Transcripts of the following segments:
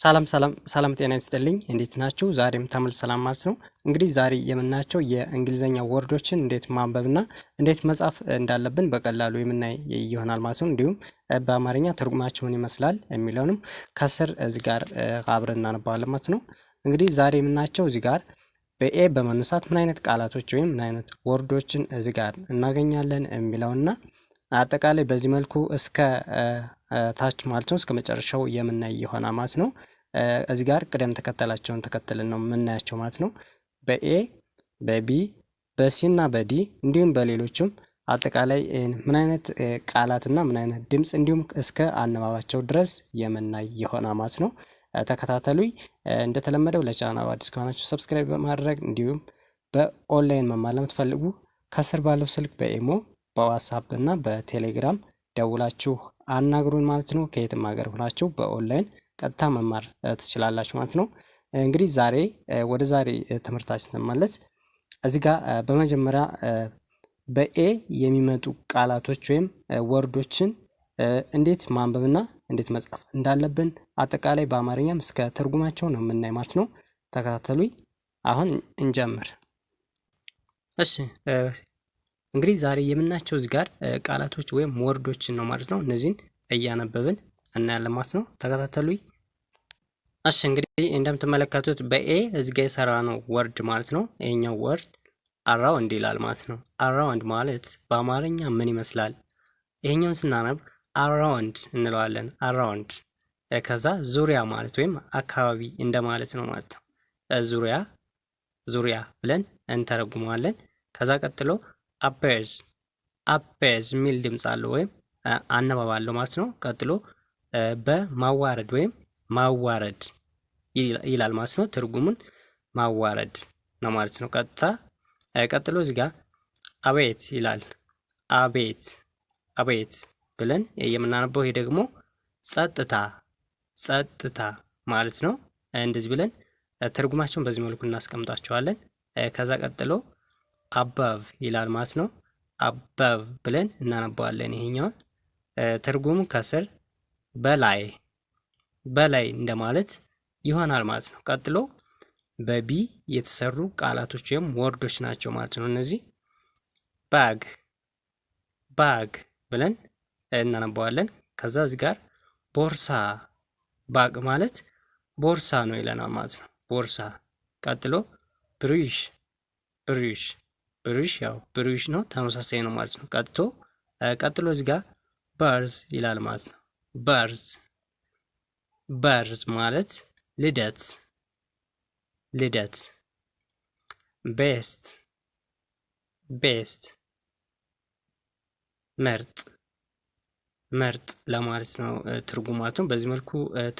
ሰላም ሰላም ሰላም ጤና ይስጥልኝ እንዴት ናችሁ? ዛሬም ሰላም ማለት ነው። እንግዲህ ዛሬ የምናያቸው የእንግሊዝኛ ወርዶችን እንዴት ማንበብና እንዴት መጻፍ እንዳለብን በቀላሉ የምናይ ይሆናል ማለት ነው። እንዲሁም በአማርኛ ትርጉማቸውን ይመስላል የሚለውንም ከስር እዚህ ጋር አብረን እናነባዋለን ማለት ነው። እንግዲህ ዛሬ የምናያቸው እዚህ ጋር በኤ በመነሳት ምን አይነት ቃላቶች ወይም ምን አይነት ወርዶችን እዚህ ጋር እናገኛለን የሚለውና አጠቃላይ በዚህ መልኩ እስከ ታች ማለት ነው እስከ መጨረሻው የምናይ ይሆናል ማለት ነው። እዚህ ጋር ቅደም ተከተላቸውን ተከተልን ነው የምናያቸው ማለት ነው። በኤ በቢ በሲ እና በዲ እንዲሁም በሌሎችም አጠቃላይ ምን አይነት ቃላትና ምን አይነት ድምፅ እንዲሁም እስከ አነባባቸው ድረስ የምናይ የሆነ ማለት ነው። ተከታተሉኝ። እንደተለመደው ለቻናሉ አዲስ ከሆናችሁ ሰብስክራይብ በማድረግ እንዲሁም በኦንላይን መማር ለምትፈልጉ ከስር ባለው ስልክ በኢሞ በዋትሳፕ እና በቴሌግራም ደውላችሁ አናግሩን ማለት ነው። ከየትም ሀገር ሆናችሁ በኦንላይን ቀጥታ መማር ትችላላችሁ ማለት ነው። እንግዲህ ዛሬ ወደ ዛሬ ትምህርታችን ስንመለስ እዚህ ጋር በመጀመሪያ በኤ የሚመጡ ቃላቶች ወይም ወርዶችን እንዴት ማንበብና እንዴት መጻፍ እንዳለብን አጠቃላይ በአማርኛም እስከ ትርጉማቸው ነው የምናይ ማለት ነው። ተከታተሉኝ። አሁን እንጀምር። እሺ እንግዲህ ዛሬ የምናያቸው እዚህ ጋር ቃላቶች ወይም ወርዶችን ነው ማለት ነው። እነዚህን እያነበብን እናያለን ማለት ነው። ተከታተሉኝ። እሺ እንግዲህ እንደምትመለከቱት በኤ እዚህ ጋ የሰራ ነው ወርድ ማለት ነው። ይሄኛው ወርድ አራውንድ ይላል ማለት ነው። አራውንድ ማለት በአማርኛ ምን ይመስላል? ይሄኛውን ስናነብ አራውንድ እንለዋለን። አራውንድ ከዛ ዙሪያ ማለት ወይም አካባቢ እንደማለት ነው ማለት ነው። ዙሪያ ዙሪያ ብለን እንተረጉመዋለን። ከዛ ቀጥሎ አፔርዝ አፔርዝ የሚል ድምፅ አለው ወይም አለው ማለት ነው። ቀጥሎ በማዋረድ ወይም ማዋረድ ይላል ማለት ነው። ትርጉሙን ማዋረድ ነው ማለት ነው። ቀጥታ ቀጥሎ እዚህ ጋር አቤት ይላል። አቤት አቤት ብለን የምናነበው ይሄ ደግሞ ጸጥታ ጸጥታ ማለት ነው። እንደዚህ ብለን ትርጉማቸውን በዚህ መልኩ እናስቀምጣቸዋለን። ከዛ ቀጥሎ አባብ ይላል ማለት ነው። አባብ ብለን እናነበዋለን። ይሄኛውን ትርጉሙ ከስር በላይ በላይ እንደማለት ይሆናል ማለት ነው። ቀጥሎ በቢ የተሰሩ ቃላቶች ወይም ወርዶች ናቸው ማለት ነው። እነዚህ ባግ ባግ ብለን እናነባዋለን። ከዛ እዚህ ጋር ቦርሳ ባግ ማለት ቦርሳ ነው ይለናል ማለት ነው። ቦርሳ ቀጥሎ ብሩሽ ብሩሽ ብሩሽ ያው ብሩሽ ነው ተመሳሳይ ነው ማለት ነው። ቀጥቶ ቀጥሎ እዚህ ጋር በርዝ ይላል ማለት ነው። በርዝ በርዝ ማለት ልደት ልደት ቤስት ቤስት ምርጥ ምርጥ ለማለት ነው ትርጉማቸውን። በዚህ መልኩ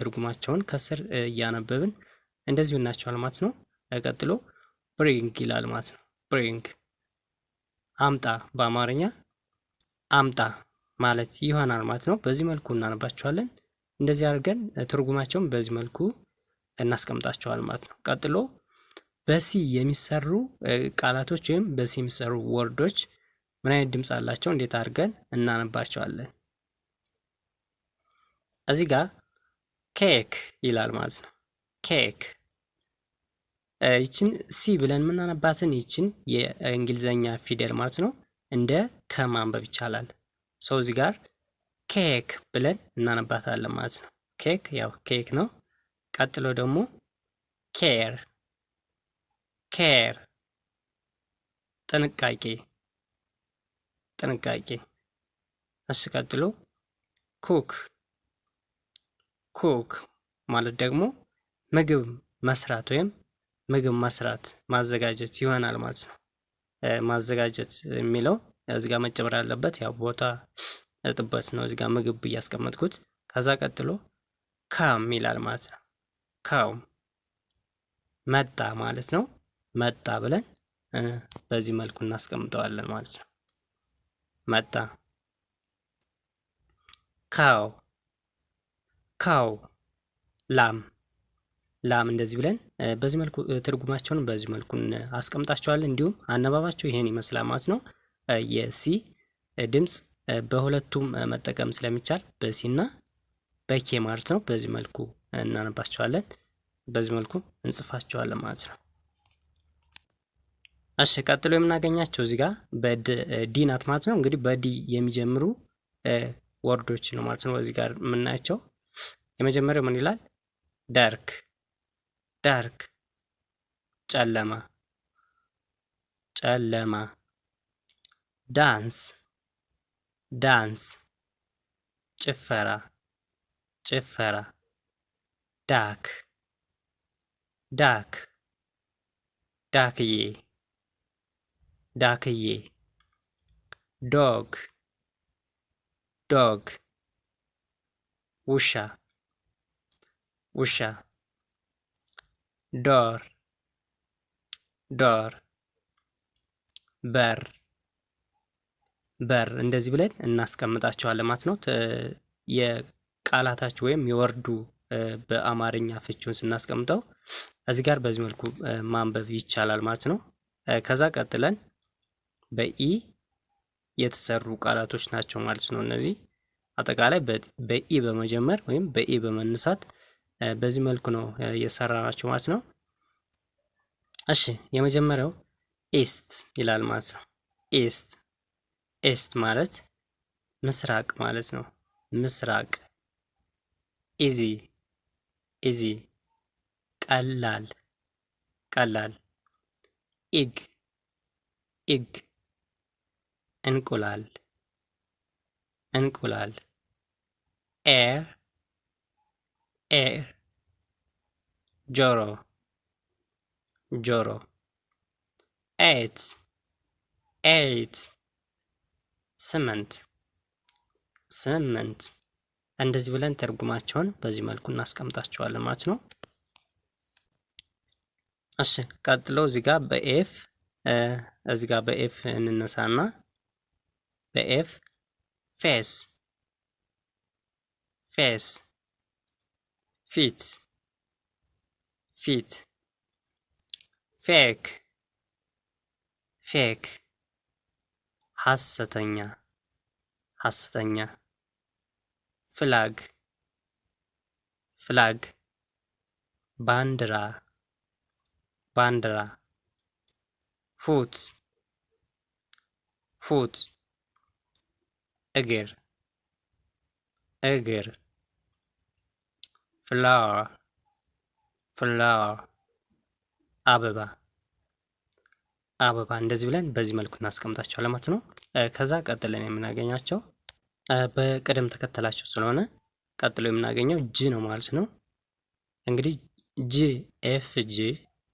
ትርጉማቸውን ከስር እያነበብን እንደዚሁ እናቸዋል ማለት ነው። ቀጥሎ ብሪንግ ይላል ማለት ነው። ብሪንግ አምጣ፣ በአማርኛ አምጣ ማለት ይሆናል ማለት ነው። በዚህ መልኩ እናነባቸዋለን። እንደዚህ አድርገን ትርጉማቸውን በዚህ መልኩ እናስቀምጣቸዋል ማለት ነው። ቀጥሎ በሲ የሚሰሩ ቃላቶች ወይም በሲ የሚሰሩ ወርዶች ምን አይነት ድምፅ አላቸው? እንዴት አድርገን እናነባቸዋለን? እዚህ ጋር ኬክ ይላል ማለት ነው። ኬክ ይችን ሲ ብለን የምናነባትን ይችን የእንግሊዘኛ ፊደል ማለት ነው እንደ ከማንበብ ይቻላል። ሰው እዚህ ጋር ኬክ ብለን እናነባታለን ማለት ነው። ኬክ ያው ኬክ ነው። ቀጥሎ ደግሞ ኬር ኬር ጥንቃቄ ጥንቃቄ። እሱ ቀጥሎ ኩክ ኩክ ማለት ደግሞ ምግብ መስራት ወይም ምግብ መስራት ማዘጋጀት ይሆናል ማለት ነው። ማዘጋጀት የሚለው እዚህ ጋር መጨመር ያለበት ያው ቦታ እጥበት ነው። እዚህ ጋር ምግብ እያስቀመጥኩት ከዛ ቀጥሎ ካም ይላል ማለት ነው። ካም መጣ ማለት ነው። መጣ ብለን በዚህ መልኩ እናስቀምጠዋለን ማለት ነው። መጣ ካው ካው ላም ላም እንደዚህ ብለን በዚህ መልኩ ትርጉማቸውን በዚህ መልኩ አስቀምጣቸዋለን። እንዲሁም አነባባቸው ይሄን ይመስላል ማለት ነው። የሲ ድምፅ በሁለቱም መጠቀም ስለሚቻል በሲ እና በኬ ማለት ነው። በዚህ መልኩ እናነባቸዋለን፣ በዚህ መልኩ እንጽፋቸዋለን ማለት ነው። እሺ ቀጥሎ የምናገኛቸው እዚህ ጋር በዲ ናት ማለት ነው። እንግዲህ በዲ የሚጀምሩ ወርዶች ነው ማለት ነው። እዚህ ጋር የምናያቸው የመጀመሪያው ምን ይላል? ዳርክ ዳርክ፣ ጨለማ ጨለማ ዳንስ ዳንስ ጭፈራ ጭፈራ ዳክ ዳክ ዳክዬ ዳክዬ ዶግ ዶግ ውሻ ውሻ ዶር ዶር በር በር እንደዚህ ብለን እናስቀምጣቸዋለን ማለት ነው። የቃላታችሁ ወይም የወርዱ በአማርኛ ፍቺውን ስናስቀምጠው እዚህ ጋር በዚህ መልኩ ማንበብ ይቻላል ማለት ነው። ከዛ ቀጥለን በኢ የተሰሩ ቃላቶች ናቸው ማለት ነው። እነዚህ አጠቃላይ በኢ በመጀመር ወይም በኢ በመነሳት በዚህ መልኩ ነው የሰራ ናቸው ማለት ነው። እሺ የመጀመሪያው ኢስት ይላል ማለት ነው። ኢስት ኤስት ማለት ምስራቅ ማለት ነው። ምስራቅ ኢዚ ኢዚ ቀላል ቀላል ኢግ ኢግ እንቁላል እንቁላል ኤር ኤር ጆሮ ጆሮ ኤት ኤት ስምንት ስምንት እንደዚህ ብለን ትርጉማቸውን በዚህ መልኩ እናስቀምጣቸዋለን ማለት ነው። እሺ ቀጥሎ እዚህ ጋር በኤፍ እዚህ ጋር በኤፍ እንነሳና በኤፍ ፌስ ፌስ ፊት ፊት ፌክ ፌክ ሐሰተኛ ሐሰተኛ ፍላግ ፍላግ ባንዲራ ባንዲራ ፉት ፉት እግር እግር ፍላወር ፍላወር አበባ አበባ እንደዚህ ብለን በዚህ መልኩ እናስቀምጣቸዋለን ማለት ነው። ከዛ ቀጥለን የምናገኛቸው በቅደም ተከተላቸው ስለሆነ ቀጥሎ የምናገኘው ጂ ነው ማለት ነው። እንግዲህ ጂ ኤፍ ጂ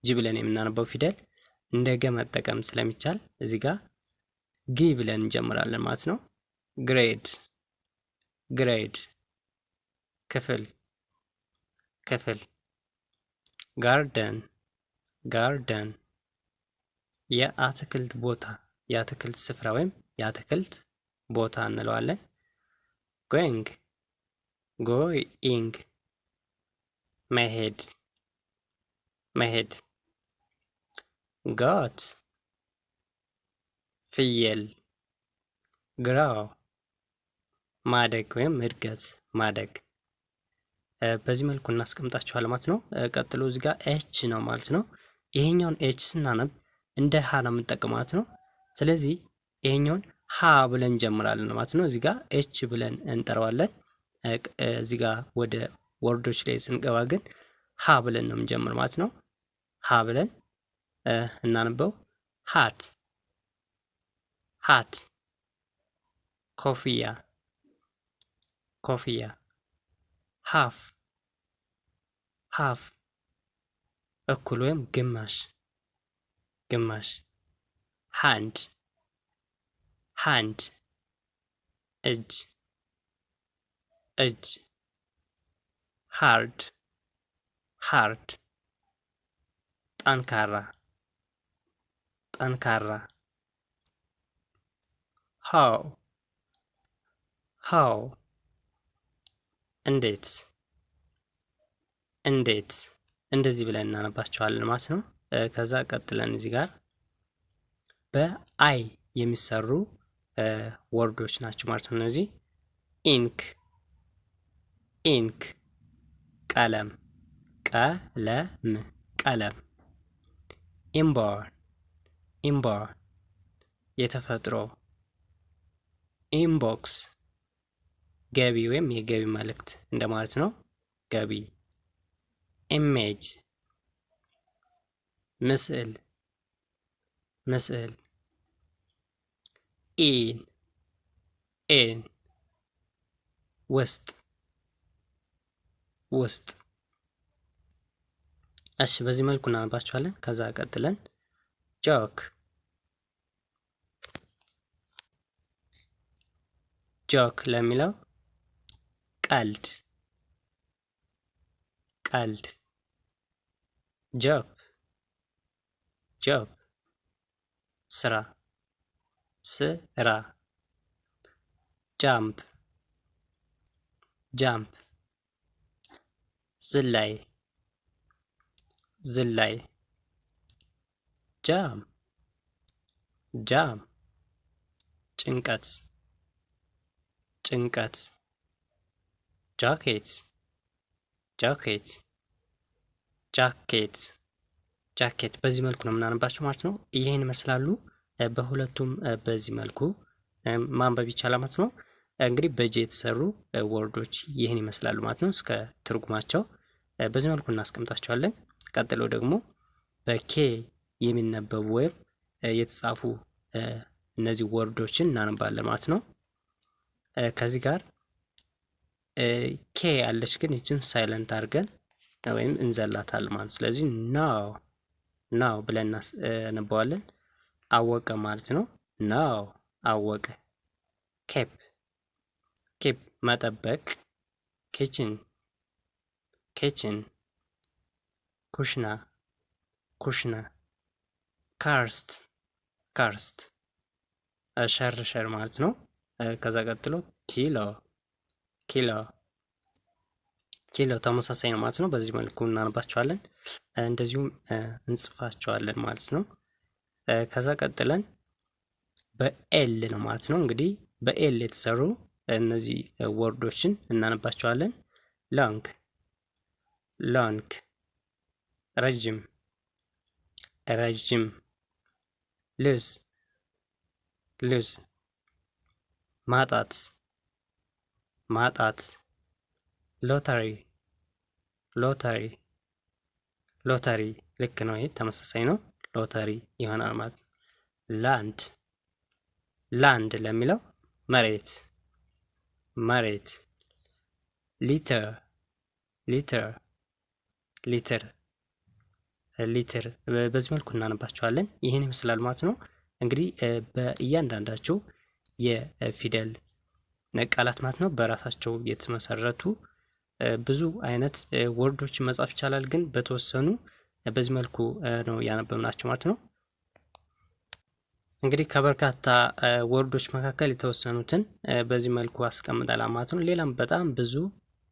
ጂ ብለን የምናነበው ፊደል እንደ ገ መጠቀም ስለሚቻል እዚህ ጋር ጊ ብለን እንጀምራለን ማለት ነው። ግሬድ ግሬድ ክፍል ክፍል ጋርደን ጋርደን የአትክልት ቦታ የአትክልት ስፍራ ወይም የአትክልት ቦታ እንለዋለን። ጎይንግ ጎኢንግ መሄድ መሄድ። ጋት ፍየል። ግራው ማደግ ወይም እድገት ማደግ። በዚህ መልኩ እናስቀምጣችኋል ማለት ነው። ቀጥሎ እዚህ ጋር ኤች ነው ማለት ነው። ይሄኛውን ኤች ስናነብ እንደ ሀ ነው የምንጠቀም ማለት ነው። ስለዚህ ይሄኛውን ሀ ብለን እንጀምራለን ማለት ነው። እዚህ ኤች ብለን እንጠራዋለን። እዚህ ወደ ወርዶች ላይ ስንገባ ግን ሀ ብለን ነው የምንጀምር ማለት ነው። ሀ ብለን እናነበው። ሀት ሀት፣ ኮፍያ ኮፍያ፣ ሀፍ ሀፍ፣ እኩል ወይም ግማሽ ግማሽ ሃንድ ሃንድ እጅ እጅ ሃርድ ሃርድ ጠንካራ ጠንካራ ሃው ሃው እንዴት እንዴት እንደዚህ ብለን እናነባቸዋለን ማለት ነው። ከዛ ቀጥለን እዚህ ጋር በአይ የሚሰሩ ወርዶች ናቸው ማለት ነው። እነዚህ ኢንክ ኢንክ ቀለም ቀለም ቀለም ኢምባር ኢምባር የተፈጥሮ ኢምቦክስ ገቢ ወይም የገቢ መልእክት እንደማለት ነው። ገቢ ኢሜጅ ምስል ምስል ኢን ኤን ውስጥ ውስጥ እሺ በዚህ መልኩ እናነባቸዋለን። ከዛ ቀጥለን ጆክ ጆክ ለሚለው ቀልድ ቀልድ ጆክ job. Sra. Sra. Jump. Jump. Zillay. Zillay. Jam. Jam. Chinkats. Chinkats. Jackets. Jackets. Jackets. ጃኬት በዚህ መልኩ ነው የምናነባቸው ማለት ነው። ይህን ይመስላሉ። በሁለቱም በዚህ መልኩ ማንበብ ይቻላል ማለት ነው። እንግዲህ በጄ የተሰሩ ወርዶች ይህን ይመስላሉ ማለት ነው። እስከ ትርጉማቸው በዚህ መልኩ እናስቀምጣቸዋለን። ቀጥሎ ደግሞ በኬ የሚነበቡ ወይም የተጻፉ እነዚህ ወርዶችን እናነባለን ማለት ነው። ከዚህ ጋር ኬ ያለች ግን ይችን ሳይለንት አድርገን ወይም እንዘላታል ማለት ስለዚህ ናው ናው ብለን እናነባዋለን። አወቀ ማለት ነው። ናው አወቀ። ኬፕ ኬፕ መጠበቅ፣ ኪችን ኪችን፣ ኩሽና ኩሽና፣ ካርስት ካርስት፣ ሸርሸር ማለት ነው። ከዛ ቀጥሎ ኪሎ ኪሎ ሌላው ተመሳሳይ ነው ማለት ነው። በዚህ መልኩ እናነባቸዋለን እንደዚሁም እንጽፋቸዋለን ማለት ነው። ከዛ ቀጥለን በኤል ነው ማለት ነው። እንግዲህ በኤል የተሰሩ እነዚህ ወርዶችን እናነባቸዋለን። ላንግ ላንግ፣ ረጅም ረጅም፣ ልዝ ልዝ፣ ማጣት ማጣት ሎተሪ ሎተሪ ሎተሪ ልክ ነው። ይሄ ተመሳሳይ ነው። ሎተሪ ይሆናል ማለት ነው። ላንድ ላንድ ለሚለው መሬት መሬት ሊትር ሊትር ሊትር ሊትር በዚህ መልኩ እናነባቸዋለን። ይህን ይመስላል ማለት ነው። እንግዲህ በእያንዳንዳቸው የፊደል ቃላት ማለት ነው በራሳቸው የተመሰረቱ ብዙ አይነት ወርዶች መጻፍ ይቻላል፣ ግን በተወሰኑ በዚህ መልኩ ነው ያነበብናቸው ማለት ነው። እንግዲህ ከበርካታ ወርዶች መካከል የተወሰኑትን በዚህ መልኩ አስቀምጠላ ማለት ነው። ሌላም በጣም ብዙ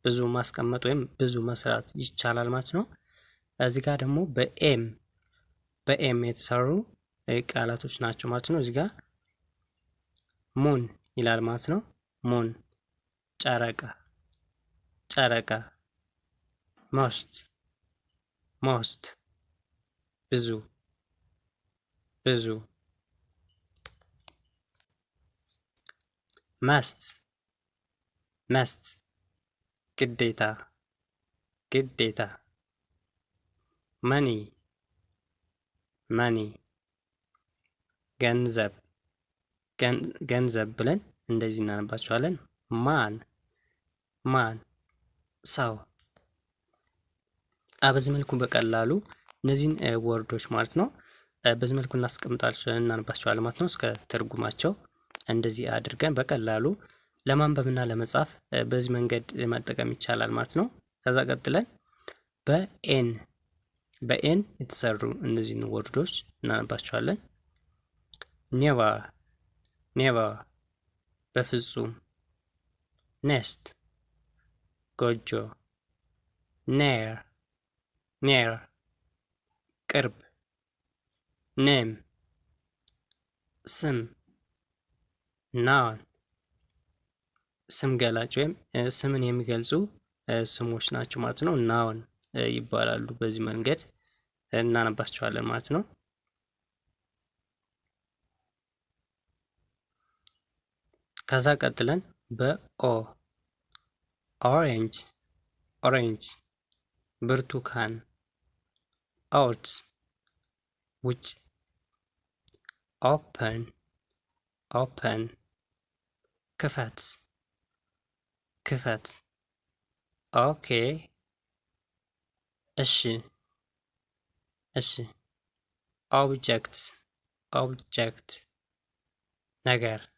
ብዙ ማስቀመጥ ወይም ብዙ መስራት ይቻላል ማለት ነው። እዚህ ጋር ደግሞ በኤም በኤም የተሰሩ ቃላቶች ናቸው ማለት ነው። እዚህ ጋር ሙን ይላል ማለት ነው። ሙን ጨረቃ ጨረቃ ሞስት ሞስት ብዙ ብዙ መስት መስት ግዴታ ግዴታ መኒ መኒ ገንዘብ ገንዘብ ብለን እንደዚህ እናነባቸዋለን። ማን ማን ሰው በዚህ መልኩ በቀላሉ እነዚህን ወርዶች ማለት ነው በዚህ መልኩ እናስቀምጣቸው እናንባቸዋለን ማለት ነው። እስከ ትርጉማቸው እንደዚህ አድርገን በቀላሉ ለማንበብና ለመጻፍ በዚህ መንገድ መጠቀም ይቻላል ማለት ነው። ከዛ ቀጥለን በኤን በኤን የተሰሩ እነዚህን ወርዶች እናነባቸዋለን። ኔቫ ኔቫ፣ በፍጹም ኔስት ጎጆ ኔር ኔር ቅርብ ኔም ስም ናውን ስም ገላጭ ወይም ስምን የሚገልጹ ስሞች ናቸው ማለት ነው። ናውን ይባላሉ። በዚህ መንገድ እናነባቸዋለን ማለት ነው። ከዛ ቀጥለን በኦ orange orange burtukan out which open open kafat kafat okay ash ash object object nagar